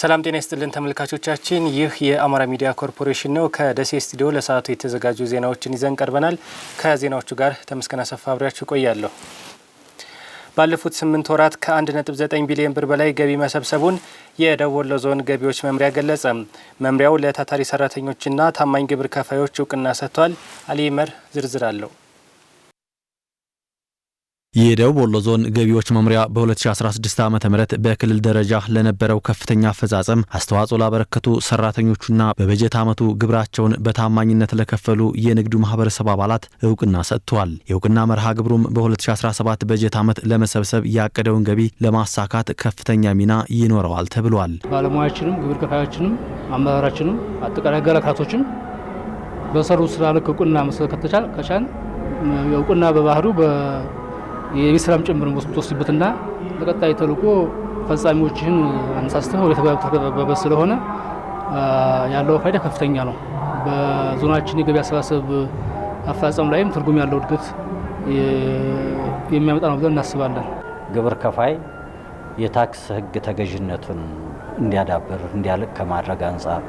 ሰላም ጤና ይስጥልን ተመልካቾቻችን፣ ይህ የአማራ ሚዲያ ኮርፖሬሽን ነው። ከደሴ ስቱዲዮ ለሰዓቱ የተዘጋጁ ዜናዎችን ይዘን ቀርበናል። ከዜናዎቹ ጋር ተመስገን አሰፋ አብሬያችሁ ቆያለሁ። ባለፉት ስምንት ወራት ከ1.9 ቢሊዮን ብር በላይ ገቢ መሰብሰቡን የደቡብ ወሎ ዞን ገቢዎች መምሪያ ገለጸ። መምሪያው ለታታሪ ሰራተኞችና ታማኝ ግብር ከፋዮች እውቅና ሰጥቷል። አሊ ዝርዝር አለው። የደቡብ ወሎ ዞን ገቢዎች መምሪያ በ2016 ዓ ም በክልል ደረጃ ለነበረው ከፍተኛ አፈጻጸም አስተዋጽኦ ላበረከቱ ሰራተኞቹና በበጀት ዓመቱ ግብራቸውን በታማኝነት ለከፈሉ የንግዱ ማህበረሰብ አባላት እውቅና ሰጥቷል። የእውቅና መርሃ ግብሩም በ2017 በጀት ዓመት ለመሰብሰብ ያቀደውን ገቢ ለማሳካት ከፍተኛ ሚና ይኖረዋል ተብሏል። ባለሙያችንም ግብር ከፋያችንም አመራራችንም አጠቃላይ ገለካቶችም በሰሩ ስራ ልክ እውቅና መስከተቻል ከቻን እውቅና በባህሪው የቤት ስራም ጭምር ወስድበትና ለቀጣይ ተልእኮ ፈጻሚዎችን አነሳስተህ ወደ ተግባር ተገባበት ስለሆነ ያለው ፋይዳ ከፍተኛ ነው። በዞናችን የገቢ አሰባሰብ አፈጻጸም ላይም ትርጉም ያለው እድገት የሚያመጣ ነው ብለን እናስባለን። ግብር ከፋይ የታክስ ህግ ተገዥነቱን እንዲያዳብር እንዲያልቅ ከማድረግ አንጻር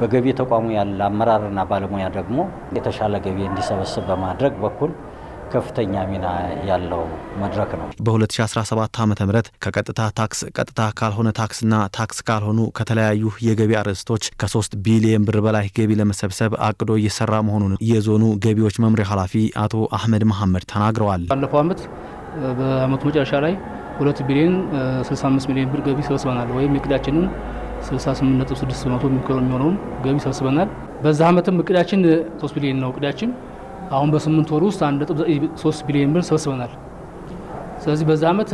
በገቢ ተቋሙ ያለ አመራርና ባለሙያ ደግሞ የተሻለ ገቢ እንዲሰበስብ በማድረግ በኩል ከፍተኛ ሚና ያለው መድረክ ነው። በ2017 ዓ ም ከቀጥታ ታክስ፣ ቀጥታ ካልሆነ ታክስና ታክስ ካልሆኑ ከተለያዩ የገቢ አርዕስቶች ከ3 ቢሊየን ብር በላይ ገቢ ለመሰብሰብ አቅዶ እየሰራ መሆኑን የዞኑ ገቢዎች መምሪያ ኃላፊ አቶ አህመድ መሐመድ ተናግረዋል። ባለፈው ዓመት በአመቱ መጨረሻ ላይ 2 ቢሊዮን 65 ሚሊዮን ብር ገቢ ሰብስበናል። ወይም እቅዳችንን 68.6 በመቶ የሚሆነውን ገቢ ሰብስበናል። በዛ ዓመትም እቅዳችን 3 ቢሊዮን ነው እቅዳችን አሁን በስምንት ወር ውስጥ አንድ ነጥብ ሶስት ቢሊዮን ብር ሰብስበናል። ስለዚህ በዛ ዓመት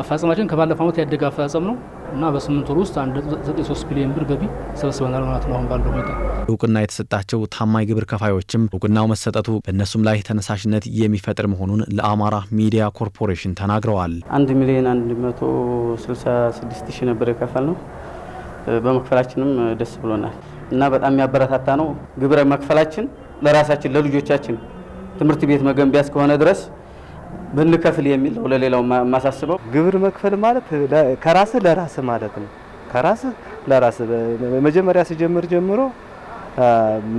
አፈጻጸማችን ከባለፈው አመት ያደገ አፈጻጸም ነው እና በስምንት ወር ውስጥ አንድ ዘጠኝ ሶስት ቢሊዮን ብር ገቢ ሰብስበናል ማለት ነው። አሁን ባለው ሁኔታ እውቅና የተሰጣቸው ታማኝ ግብር ከፋዮችም እውቅናው መሰጠቱ በእነሱም ላይ ተነሳሽነት የሚፈጥር መሆኑን ለአማራ ሚዲያ ኮርፖሬሽን ተናግረዋል። አንድ ሚሊዮን አንድ መቶ ስልሳ ስድስት ሺህ ነበር የከፈል ነው። በመክፈላችንም ደስ ብሎናል እና በጣም የሚያበረታታ ነው ግብረ መክፈላችን ለራሳችን ለልጆቻችን ትምህርት ቤት መገንቢያ እስከሆነ ድረስ ብንከፍል የሚል ነው። ለሌላው የማሳስበው ግብር መክፈል ማለት ከራስ ለራስ ማለት ነው። ከራስ ለራስ መጀመሪያ ሲጀምር ጀምሮ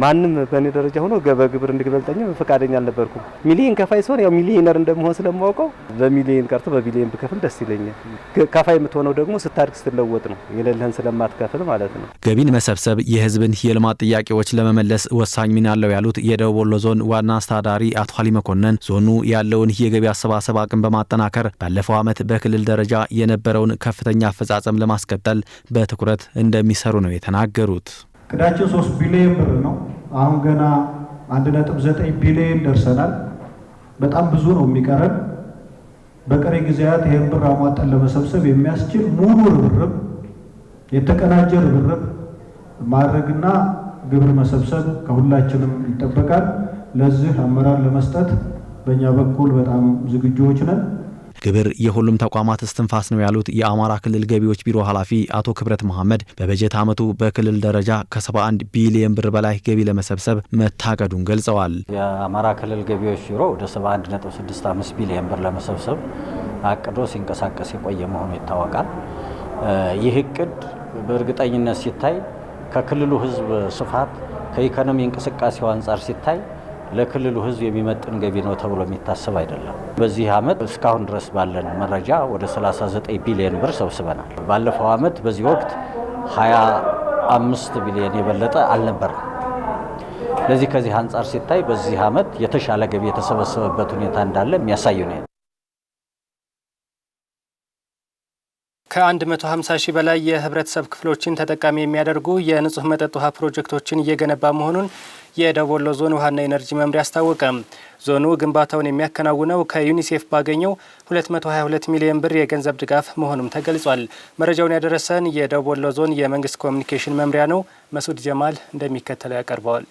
ማንም በእኔ ደረጃ ሆኖ በግብር እንድበልጠኝም ፈቃደኛ አልነበርኩም። ሚሊየን ከፋይ ሲሆን ያው ሚሊየነር እንደመሆን ስለማውቀው በሚሊየን ቀርቶ በቢሊየን ብከፍል ደስ ይለኛል። ከፋይ የምትሆነው ደግሞ ስታድግ ስትለወጥ ነው፣ የሌለህን ስለማትከፍል ማለት ነው። ገቢን መሰብሰብ የህዝብን የልማት ጥያቄዎች ለመመለስ ወሳኝ ሚና አለው ያሉት የደቡብ ወሎ ዞን ዋና አስተዳዳሪ አቶ ሀሊ መኮንን ዞኑ ያለውን የገቢ አሰባሰብ አቅም በማጠናከር ባለፈው ዓመት በክልል ደረጃ የነበረውን ከፍተኛ አፈጻጸም ለማስቀጠል በትኩረት እንደሚሰሩ ነው የተናገሩት። እቅዳችን ሶስት ቢሊዮን ብር ነው። አሁን ገና አንድ ነጥብ ዘጠኝ ቢሊዮን ደርሰናል። በጣም ብዙ ነው የሚቀረን። በቀሪ ጊዜያት ይህን ብር አሟጠን ለመሰብሰብ የሚያስችል ሙሉ ርብርብ፣ የተቀናጀ ርብርብ ማድረግና ግብር መሰብሰብ ከሁላችንም ይጠበቃል። ለዚህ አመራር ለመስጠት በእኛ በኩል በጣም ዝግጁዎች ነን። ግብር የሁሉም ተቋማት እስትንፋስ ነው ያሉት የአማራ ክልል ገቢዎች ቢሮ ኃላፊ አቶ ክብረት መሐመድ በበጀት ዓመቱ በክልል ደረጃ ከ71 ቢሊየን ብር በላይ ገቢ ለመሰብሰብ መታቀዱን ገልጸዋል። የአማራ ክልል ገቢዎች ቢሮ ወደ 71.65 ቢሊየን ብር ለመሰብሰብ አቅዶ ሲንቀሳቀስ የቆየ መሆኑ ይታወቃል። ይህ እቅድ በእርግጠኝነት ሲታይ ከክልሉ ሕዝብ ስፋት ከኢኮኖሚ እንቅስቃሴው አንጻር ሲታይ ለክልሉ ህዝብ የሚመጥን ገቢ ነው ተብሎ የሚታሰብ አይደለም። በዚህ አመት እስካሁን ድረስ ባለን መረጃ ወደ 39 ቢሊዮን ብር ሰብስበናል። ባለፈው ዓመት በዚህ ወቅት 25 ቢሊዮን የበለጠ አልነበረም። ስለዚህ ከዚህ አንጻር ሲታይ በዚህ አመት የተሻለ ገቢ የተሰበሰበበት ሁኔታ እንዳለ የሚያሳይ ነው። ከ150 ሺህ በላይ የህብረተሰብ ክፍሎችን ተጠቃሚ የሚያደርጉ የንጹህ መጠጥ ውሃ ፕሮጀክቶችን እየገነባ መሆኑን የደቡብ ወሎ ዞን ውሃና ኤነርጂ መምሪያ አስታወቀ። ዞኑ ግንባታውን የሚያከናውነው ከዩኒሴፍ ባገኘው 222 ሚሊዮን ብር የገንዘብ ድጋፍ መሆኑም ተገልጿል። መረጃውን ያደረሰን የደቡብ ወሎ ዞን የመንግስት ኮሚኒኬሽን መምሪያ ነው። መሱድ ጀማል እንደሚከተለው ያቀርበዋል።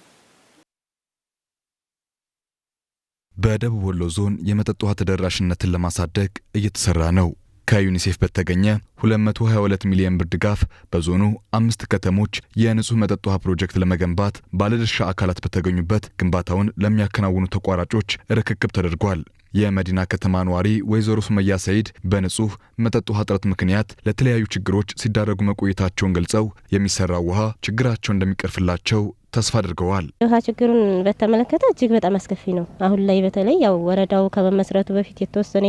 በደቡብ ወሎ ዞን የመጠጥ ውሃ ተደራሽነትን ለማሳደግ እየተሰራ ነው። ከዩኒሴፍ በተገኘ 222 ሚሊዮን ብር ድጋፍ በዞኑ አምስት ከተሞች የንጹህ መጠጥ ውሃ ፕሮጀክት ለመገንባት ባለድርሻ አካላት በተገኙበት ግንባታውን ለሚያከናውኑ ተቋራጮች ርክክብ ተደርጓል። የመዲና ከተማ ነዋሪ ወይዘሮ ሱመያ ሰይድ በንጹህ መጠጥ ውሃ እጥረት ምክንያት ለተለያዩ ችግሮች ሲዳረጉ መቆየታቸውን ገልጸው የሚሰራው ውሃ ችግራቸው እንደሚቀርፍላቸው ተስፋ አድርገዋል። የውሃ ችግሩን በተመለከተ እጅግ በጣም አስከፊ ነው። አሁን ላይ በተለይ ያው ወረዳው ከመመስረቱ በፊት የተወሰነ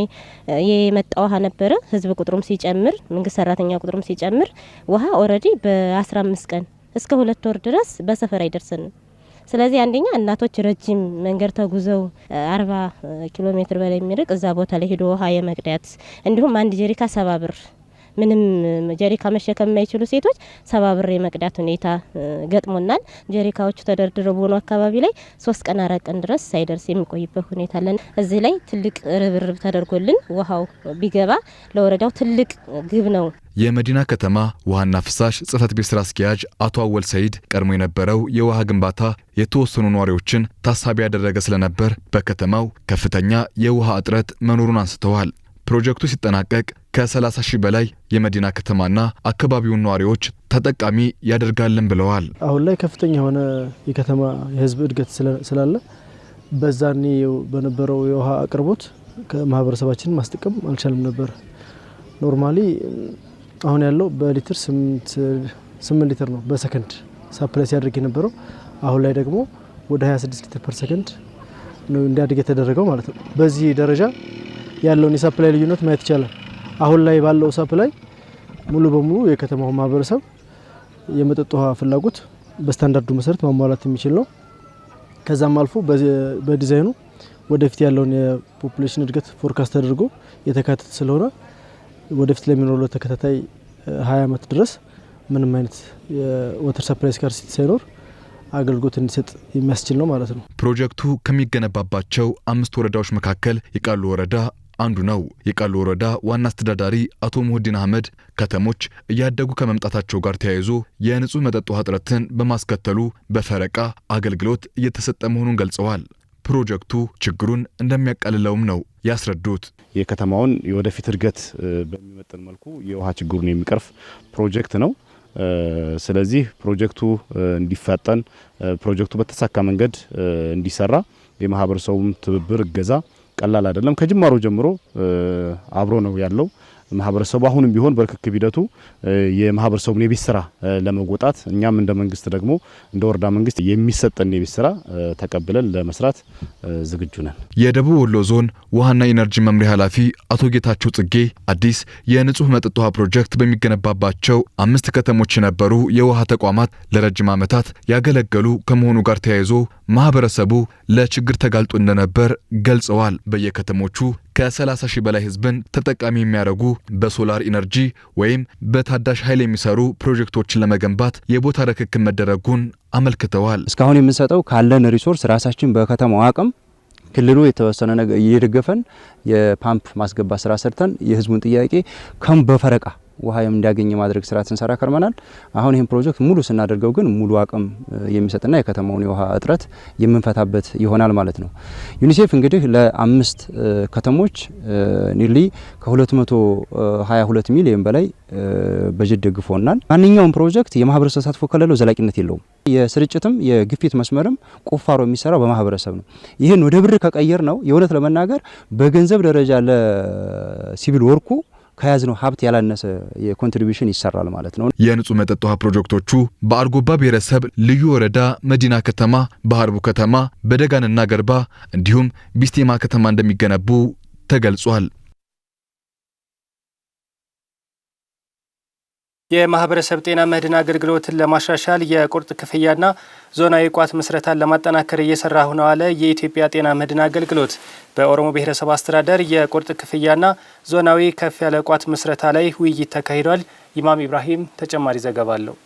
የመጣ ውሃ ነበረ። ህዝብ ቁጥሩም ሲጨምር፣ መንግስት ሰራተኛ ቁጥሩም ሲጨምር ውሃ ኦልሬዲ በ አምስት ቀን እስከ ሁለት ወር ድረስ በሰፈር አይደርስንም። ስለዚህ አንደኛ እናቶች ረጅም መንገድ ተጉዘው አርባ ኪሎ ሜትር በላይ የሚርቅ እዛ ቦታ ላይ ሄዶ ውሃ የመቅዳት እንዲሁም አንድ ጀሪካ ሰባ ብር ምንም ጀሪካ መሸከም የማይችሉ ሴቶች ሰባ ብር የመቅዳት ሁኔታ ገጥሞናል። ጀሪካዎቹ ተደርድረው በሆኑ አካባቢ ላይ ሶስት ቀን አራት ቀን ድረስ ሳይደርስ የሚቆይበት ሁኔታ አለን። እዚህ ላይ ትልቅ ርብርብ ተደርጎልን ውሃው ቢገባ ለወረዳው ትልቅ ግብ ነው። የመዲና ከተማ ውሃና ፍሳሽ ጽህፈት ቤት ስራ አስኪያጅ አቶ አወል ሰይድ ቀድሞ የነበረው የውሃ ግንባታ የተወሰኑ ነዋሪዎችን ታሳቢ ያደረገ ስለነበር በከተማው ከፍተኛ የውሃ እጥረት መኖሩን አንስተዋል። ፕሮጀክቱ ሲጠናቀቅ ከ30 ሺህ በላይ የመዲና ከተማና አካባቢውን ነዋሪዎች ተጠቃሚ ያደርጋልን ብለዋል። አሁን ላይ ከፍተኛ የሆነ የከተማ የህዝብ እድገት ስላለ በዛኔ በነበረው የውሃ አቅርቦት ከማህበረሰባችን ማስጠቀም አልቻልም ነበር። ኖርማሊ አሁን ያለው በሊትር ስምንት ሊትር ነው በሰከንድ ሳፕላይ ሲያደርግ የነበረው አሁን ላይ ደግሞ ወደ 26 ሊትር ፐር ሰከንድ ነው እንዲያድግ የተደረገው ማለት ነው። በዚህ ደረጃ ያለውን የሰፕላይ ልዩነት ማየት ይቻላል። አሁን ላይ ባለው ሰፕላይ ሙሉ በሙሉ የከተማው ማህበረሰብ የመጠጥ ውሃ ፍላጎት በስታንዳርዱ መሰረት ማሟላት የሚችል ነው። ከዛም አልፎ በዲዛይኑ ወደፊት ያለውን የፖፕሌሽን እድገት ፎርካስት ተደርጎ የተካተተ ስለሆነ ወደፊት ለሚኖረ ለተከታታይ 20 ዓመት ድረስ ምንም አይነት የወተር ሰፕላይ ስካርሲቲ ሳይኖር አገልግሎት እንዲሰጥ የሚያስችል ነው ማለት ነው። ፕሮጀክቱ ከሚገነባባቸው አምስት ወረዳዎች መካከል የቃሉ ወረዳ አንዱ ነው። የቃሉ ወረዳ ዋና አስተዳዳሪ አቶ ሙህዲን አህመድ ከተሞች እያደጉ ከመምጣታቸው ጋር ተያይዞ የንጹህ መጠጥ ውሃ እጥረትን በማስከተሉ በፈረቃ አገልግሎት እየተሰጠ መሆኑን ገልጸዋል። ፕሮጀክቱ ችግሩን እንደሚያቃልለውም ነው ያስረዱት። የከተማውን የወደፊት እድገት በሚመጥን መልኩ የውሃ ችግሩን የሚቀርፍ ፕሮጀክት ነው። ስለዚህ ፕሮጀክቱ እንዲፋጠን ፕሮጀክቱ በተሳካ መንገድ እንዲሰራ የማህበረሰቡም ትብብር እገዛ ቀላል አይደለም። ከጅማሮ ጀምሮ አብሮ ነው ያለው። ማህበረሰቡ አሁንም ቢሆን በርክክብ ሂደቱ የማህበረሰቡን የቤት ስራ ለመወጣት እኛም እንደ መንግስት ደግሞ እንደ ወረዳ መንግስት የሚሰጠን የቤት ስራ ተቀብለን ለመስራት ዝግጁ ነን። የደቡብ ወሎ ዞን ውሃና ኢነርጂ መምሪያ ኃላፊ አቶ ጌታቸው ጽጌ አዲስ የንጹህ መጠጥ ውሃ ፕሮጀክት በሚገነባባቸው አምስት ከተሞች የነበሩ የውሃ ተቋማት ለረጅም ዓመታት ያገለገሉ ከመሆኑ ጋር ተያይዞ ማህበረሰቡ ለችግር ተጋልጦ እንደነበር ገልጸዋል። በየከተሞቹ ከ30 ሺህ በላይ ህዝብን ተጠቃሚ የሚያደርጉ በሶላር ኢነርጂ ወይም በታዳሽ ኃይል የሚሰሩ ፕሮጀክቶችን ለመገንባት የቦታ ርክክብ መደረጉን አመልክተዋል። እስካሁን የምንሰጠው ካለን ሪሶርስ ራሳችን በከተማው አቅም ክልሉ የተወሰነ ነገር እየደገፈን የፓምፕ ማስገባት ስራ ሰርተን የህዝቡን ጥያቄ ከም በፈረቃ ውሃ እንዲያገኝ ማድረግ ስራ ስንሰራ ከርመናል። አሁን ይህን ፕሮጀክት ሙሉ ስናደርገው ግን ሙሉ አቅም የሚሰጥና የከተማውን የውሃ እጥረት የምንፈታበት ይሆናል ማለት ነው። ዩኒሴፍ እንግዲህ ለአምስት ከተሞች ኒርሊ ከ222 ሚሊዮን በላይ በጀት ደግፎናል። ማንኛውም ፕሮጀክት የማህበረሰብ ተሳትፎ ከሌለው ዘላቂነት የለውም። የስርጭትም የግፊት መስመርም ቁፋሮ የሚሰራው በማህበረሰብ ነው። ይህን ወደ ብር ከቀየር ነው የእውነት ለመናገር በገንዘብ ደረጃ ለሲቪል ወርኩ ከያዝነው ሀብት ያላነሰ የኮንትሪቢሽን ይሰራል ማለት ነው። የንጹህ መጠጥ ውሃ ፕሮጀክቶቹ በአርጎባ ብሔረሰብ ልዩ ወረዳ መዲና ከተማ፣ በሀርቡ ከተማ፣ በደጋንና ገርባ እንዲሁም ቢስቴማ ከተማ እንደሚገነቡ ተገልጿል። የማህበረሰብ ጤና መድህን አገልግሎትን ለማሻሻል የቁርጥ ክፍያና ዞናዊ ቋት ምስረታን ለማጠናከር እየሰራ ነው አለ የኢትዮጵያ ጤና መድህን አገልግሎት። በኦሮሞ ብሔረሰብ አስተዳደር የቁርጥ ክፍያና ዞናዊ ከፍ ያለ ቋት ምስረታ ላይ ውይይት ተካሂዷል። ኢማም ኢብራሂም ተጨማሪ ዘገባ አለው።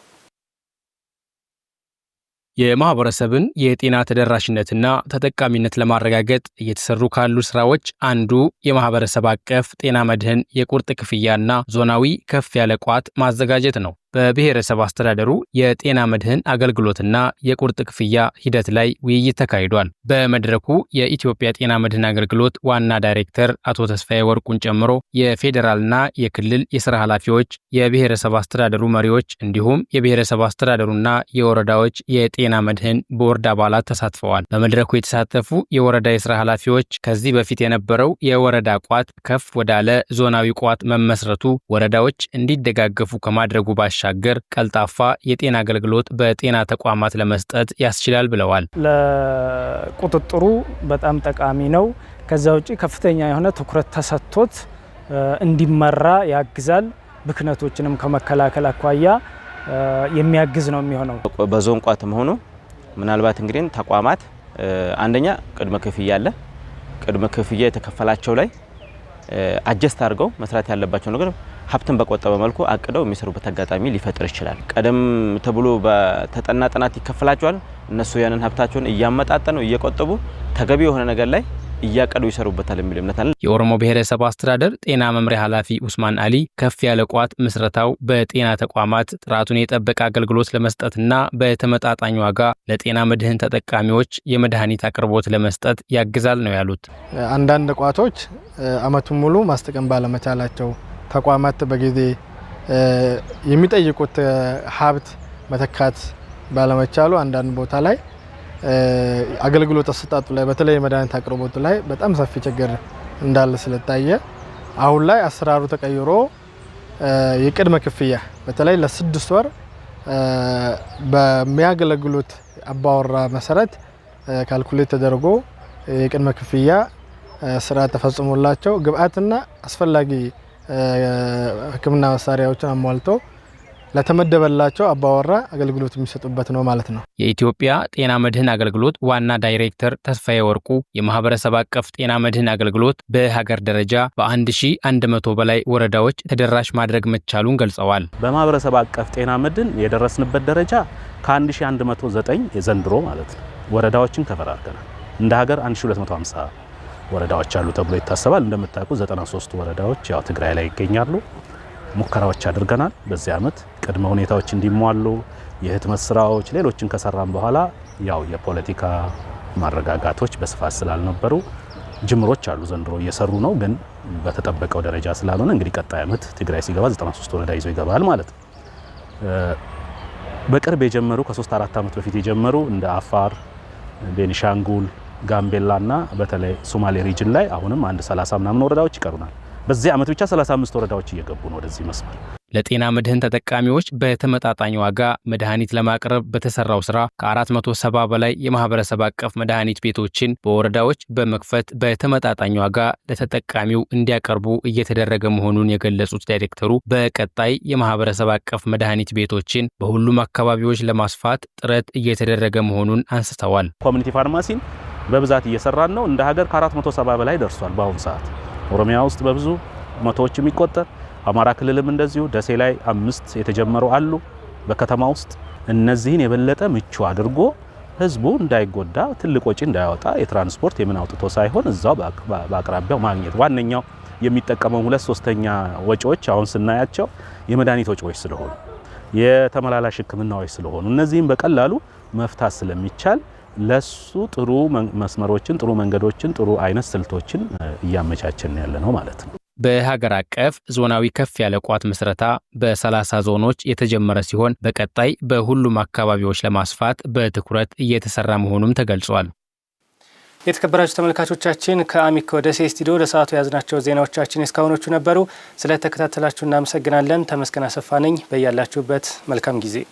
የማህበረሰብን የጤና ተደራሽነትና ተጠቃሚነት ለማረጋገጥ እየተሰሩ ካሉ ስራዎች አንዱ የማህበረሰብ አቀፍ ጤና መድህን የቁርጥ ክፍያና ዞናዊ ከፍ ያለ ቋት ማዘጋጀት ነው። በብሔረሰብ አስተዳደሩ የጤና መድህን አገልግሎትና የቁርጥ ክፍያ ሂደት ላይ ውይይት ተካሂዷል። በመድረኩ የኢትዮጵያ ጤና መድህን አገልግሎት ዋና ዳይሬክተር አቶ ተስፋዬ ወርቁን ጨምሮ የፌዴራልና የክልል የስራ ኃላፊዎች፣ የብሔረሰብ አስተዳደሩ መሪዎች እንዲሁም የብሔረሰብ አስተዳደሩና የወረዳዎች የጤና መድህን ቦርድ አባላት ተሳትፈዋል። በመድረኩ የተሳተፉ የወረዳ የስራ ኃላፊዎች ከዚህ በፊት የነበረው የወረዳ ቋት ከፍ ወዳለ ዞናዊ ቋት መመስረቱ ወረዳዎች እንዲደጋገፉ ከማድረጉ ባሻ ባሻገር ቀልጣፋ የጤና አገልግሎት በጤና ተቋማት ለመስጠት ያስችላል ብለዋል። ለቁጥጥሩ በጣም ጠቃሚ ነው። ከዛ ውጭ ከፍተኛ የሆነ ትኩረት ተሰጥቶት እንዲመራ ያግዛል። ብክነቶችንም ከመከላከል አኳያ የሚያግዝ ነው የሚሆነው። በዞን ቋት መሆኑ ምናልባት እንግዲህ ተቋማት አንደኛ ቅድመ ክፍያ አለ። ቅድመ ክፍያ የተከፈላቸው ላይ አጀስት አድርገው መስራት ያለባቸው ነገር ሀብትን በቆጠበ መልኩ አቅደው የሚሰሩበት አጋጣሚ ሊፈጥር ይችላል። ቀደም ተብሎ በተጠና ጥናት ይከፍላቸዋል። እነሱ ያንን ሀብታቸውን እያመጣጠኑ እየቆጠቡ ተገቢ የሆነ ነገር ላይ እያቀዱ ይሰሩበታል የሚል እምነት አለ። የኦሮሞ ብሔረሰብ አስተዳደር ጤና መምሪያ ኃላፊ ኡስማን አሊ ከፍ ያለ ቋት ምስረታው በጤና ተቋማት ጥራቱን የጠበቀ አገልግሎት ለመስጠትና በተመጣጣኝ ዋጋ ለጤና መድህን ተጠቃሚዎች የመድኃኒት አቅርቦት ለመስጠት ያግዛል ነው ያሉት። አንዳንድ ቋቶች አመቱን ሙሉ ማስጠቀም ባለመቻላቸው ተቋማት በጊዜ የሚጠይቁት ሀብት መተካት ባለመቻሉ አንዳንድ ቦታ ላይ አገልግሎት አሰጣጡ ላይ በተለይ መድኃኒት አቅርቦቱ ላይ በጣም ሰፊ ችግር እንዳለ ስለታየ አሁን ላይ አሰራሩ ተቀይሮ የቅድመ ክፍያ በተለይ ለስድስት ወር በሚያገለግሉት አባወራ መሰረት ካልኩሌት ተደርጎ የቅድመ ክፍያ ስራ ተፈጽሞላቸው ግብአትና አስፈላጊ ህክምና መሳሪያዎችን አሟልተው ለተመደበላቸው አባወራ አገልግሎት የሚሰጡበት ነው ማለት ነው። የኢትዮጵያ ጤና መድህን አገልግሎት ዋና ዳይሬክተር ተስፋዬ ወርቁ የማህበረሰብ አቀፍ ጤና መድህን አገልግሎት በሀገር ደረጃ በ1100 በላይ ወረዳዎች ተደራሽ ማድረግ መቻሉን ገልጸዋል። በማህበረሰብ አቀፍ ጤና መድህን የደረስንበት ደረጃ ከ1109 የዘንድሮ ማለት ነው ወረዳዎችን ከፈራርገናል እንደ ሀገር 1250 ወረዳዎች አሉ ተብሎ ይታሰባል። እንደምታውቁ 93 ወረዳዎች ያው ትግራይ ላይ ይገኛሉ። ሙከራዎች አድርገናል። በዚህ አመት ቅድመ ሁኔታዎች እንዲሟሉ የህትመት ስራዎች፣ ሌሎችን ከሰራን በኋላ ያው የፖለቲካ ማረጋጋቶች በስፋት ስላልነበሩ ጅምሮች አሉ። ዘንድሮ እየሰሩ ነው፣ ግን በተጠበቀው ደረጃ ስላልሆነ እንግዲህ ቀጣይ አመት ትግራይ ሲገባ 93 ወረዳ ይዞ ይገባል ማለት ነው። በቅርብ የጀመሩ ከ3 አመት ዓመት በፊት የጀመሩ እንደ አፋር፣ ቤኒሻንጉል ጋምቤላና በተለይ ሶማሌ ሪጅን ላይ አሁንም አንድ 30 ምናምን ወረዳዎች ይቀሩናል። በዚህ ዓመት ብቻ 35 ወረዳዎች እየገቡ ነው ወደዚህ መስመር። ለጤና መድህን ተጠቃሚዎች በተመጣጣኝ ዋጋ መድኃኒት ለማቅረብ በተሰራው ስራ ከ470 በላይ የማህበረሰብ አቀፍ መድኃኒት ቤቶችን በወረዳዎች በመክፈት በተመጣጣኝ ዋጋ ለተጠቃሚው እንዲያቀርቡ እየተደረገ መሆኑን የገለጹት ዳይሬክተሩ በቀጣይ የማህበረሰብ አቀፍ መድኃኒት ቤቶችን በሁሉም አካባቢዎች ለማስፋት ጥረት እየተደረገ መሆኑን አንስተዋል። ኮሚኒቲ ፋርማሲን በብዛት እየሰራን ነው። እንደ ሀገር ከ470 በላይ ደርሷል። በአሁኑ ሰዓት ኦሮሚያ ውስጥ በብዙ መቶዎች የሚቆጠር አማራ ክልልም እንደዚሁ ደሴ ላይ አምስት የተጀመሩ አሉ በከተማ ውስጥ እነዚህን የበለጠ ምቹ አድርጎ ህዝቡ እንዳይጎዳ ትልቅ ወጪ እንዳያወጣ የትራንስፖርት የምን አውጥቶ ሳይሆን እዛው በአቅራቢያው ማግኘት ዋነኛው የሚጠቀመው ሁለት ሶስተኛ ወጪዎች አሁን ስናያቸው የመድኃኒት ወጪዎች ስለሆኑ የተመላላሽ ህክምናዎች ስለሆኑ እነዚህም በቀላሉ መፍታት ስለሚቻል ለሱ ጥሩ መስመሮችን፣ ጥሩ መንገዶችን፣ ጥሩ አይነት ስልቶችን እያመቻችን ያለ ነው ማለት ነው። በሀገር አቀፍ ዞናዊ ከፍ ያለ ቋት ምስረታ በ30 ዞኖች የተጀመረ ሲሆን በቀጣይ በሁሉም አካባቢዎች ለማስፋት በትኩረት እየተሰራ መሆኑም ተገልጿል። የተከበራችሁ ተመልካቾቻችን ከአሚኮ ደሴ ስቱዲዮ ለሰዓቱ የያዝናቸው ዜናዎቻችን እስካሁኖቹ ነበሩ። ስለተከታተላችሁ እናመሰግናለን። ተመስገን አሰፋ ነኝ። በያላችሁበት መልካም ጊዜ